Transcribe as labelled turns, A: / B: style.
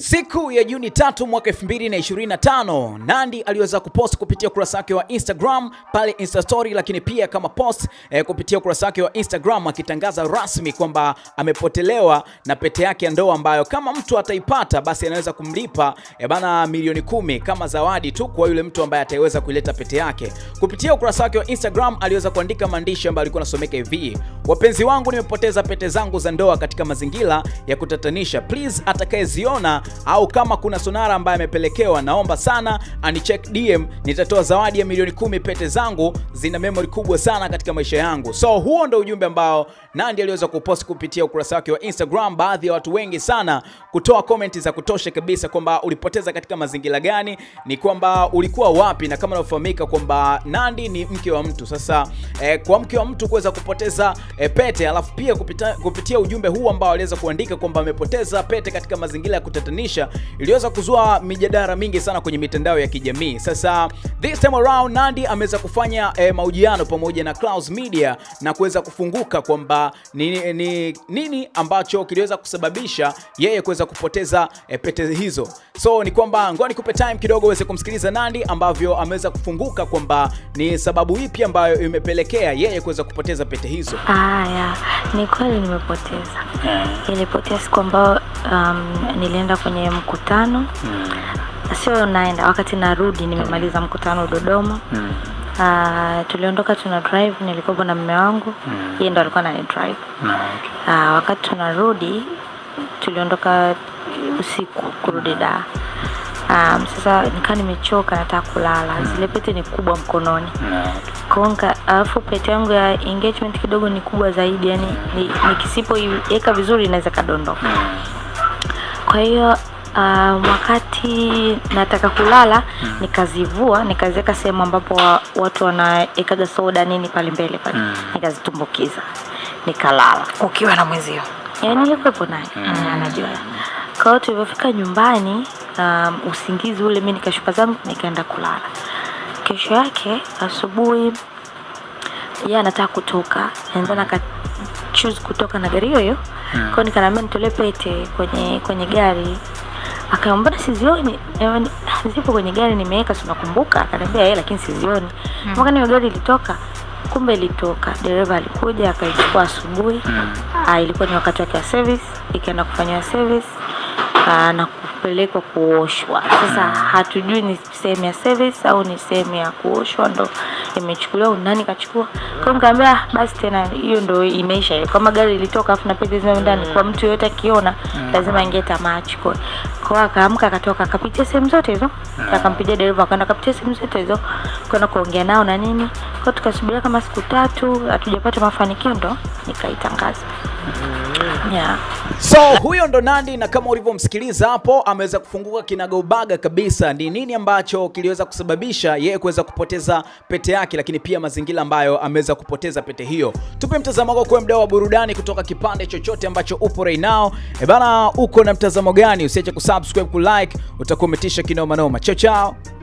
A: Siku ya Juni tatu mwaka 2025, Nandy aliweza kupost kupitia ukurasa wake wa Instagram pale Insta story, lakini pia kama post eh, kupitia ukurasa wake wa Instagram akitangaza rasmi kwamba amepotelewa na pete yake ya ndoa ambayo kama mtu ataipata basi anaweza kumlipa eh, bana milioni kumi kama zawadi tu kwa yule mtu ambaye ataweza kuileta pete yake. Kupitia ukurasa wake wa Instagram aliweza kuandika maandishi ambayo alikuwa anasomeka hivi: wapenzi wangu, nimepoteza pete zangu za ndoa katika mazingira ya kutatanisha. Please atakayeziona au kama kuna sonara ambaye amepelekewa, naomba sana anicheck DM, nitatoa zawadi ya milioni kumi. Pete zangu zina memory kubwa sana katika maisha yangu. So huo ndo ujumbe ambao nandi aliweza kupost kupitia ukurasa wake wa Instagram, baadhi ya watu wengi sana kutoa comment za kutosha kabisa kwamba ulipoteza katika mazingira gani, ni kwamba ulikuwa wapi, na kama unafahamika kwamba nandi ni mke wa mtu. Sasa eh, kwa mke wa mtu kuweza kupoteza eh, pete alafu pia kupita, kupitia ujumbe huu ambao aliweza kuandika kwamba amepoteza pete katika mazingira ya kutatanisha kuwatenganisha iliweza kuzua mijadala mingi sana kwenye mitandao ya kijamii. Sasa this time around Nandy ameweza kufanya eh, mahojiano pamoja na Clouds Media na kuweza kufunguka kwamba ni nini, nini ambacho kiliweza kusababisha yeye kuweza kupoteza eh, pete hizo. So ni kwamba ngoja nikupe time kidogo uweze kumsikiliza Nandy ambavyo ameweza kufunguka kwamba ni sababu ipi ambayo imepelekea yeye kuweza kupoteza pete hizo.
B: Haya, ni kweli nimepoteza. Eh. Nilipoteza siku ambayo um, nilienda kwenye mkutano mm. sio naenda, wakati narudi nimemaliza mkutano Dodoma mm. Uh, tuliondoka tuna drive, nilikuwa na mme wangu mm. yeye ndo alikuwa anani drive mm. Okay. Uh, wakati tunarudi tuliondoka usiku kurudi hmm. da Um, ah, sasa nikaa nimechoka, nataka kulala mm. zile pete ni kubwa mkononi mm. konka, alafu pete yangu ya engagement kidogo ni kubwa zaidi, yani nikisipoiweka vizuri inaweza kadondoka mm kwa hiyo Uh, wakati nataka kulala hmm. nikazivua nikaziweka sehemu ambapo wa, watu wanaekaga soda nini pale mbele pale hmm. nikazitumbukiza nikalala
C: ukiwa na yani
B: eh, nilikuwepo naye mm. anajua kwa hiyo tulivyofika nyumbani um, usingizi ule mi nikashuka zangu nikaenda kulala kesho yake asubuhi yeye anataka kutoka ndio choose kutoka na gari hiyo hiyo yeah. Hmm. kwao nikanaambia nitolee pete kwenye kwenye gari akaambia mbona sizioni zipo kwenye gari nimeweka si nakumbuka akaniambia yeye eh, lakini sizioni mm. mpaka niyo gari ilitoka kumbe ilitoka dereva alikuja akaichukua asubuhi mm. ah, ilikuwa ni wakati wake wa service ikaenda kufanyiwa service ah, na kupelekwa kuoshwa sasa mm. hatujui ni sehemu ya service au ni sehemu ya kuoshwa ndo imechukuliwa unani kachukua. Kwa mkaambia ah, basi tena hiyo ndio imeisha. Kama gari ilitoka afu na pete ndani kwa mtu yote akiona mm. lazima ingeta tamaa achukue. Kwa akaamka akatoka akapitia sehemu zote hizo. Ah. Akampigia dereva akaenda akapitia sehemu zote hizo. Kwenda kuongea nao na nini. Kwa tukasubiria kama siku tatu hatujapata mafanikio ndo nikaitangaza. Mm-hmm. Yeah.
A: So huyo ndo Nandy na kama ulivyomsikiliza hapo ameweza kufunguka kinagobaga kabisa. Ni nini ambacho kiliweza kusababisha yeye kuweza kupoteza pete yake, lakini pia mazingira ambayo ameweza kupoteza pete hiyo. Tupe mtazamo wako kwa mdau wa burudani kutoka kipande chochote ambacho upo right now. E bana, uko na mtazamo gani? Usiache kusubscribe, kulike, utakuwa umetisha kinoma noma. Chao chao.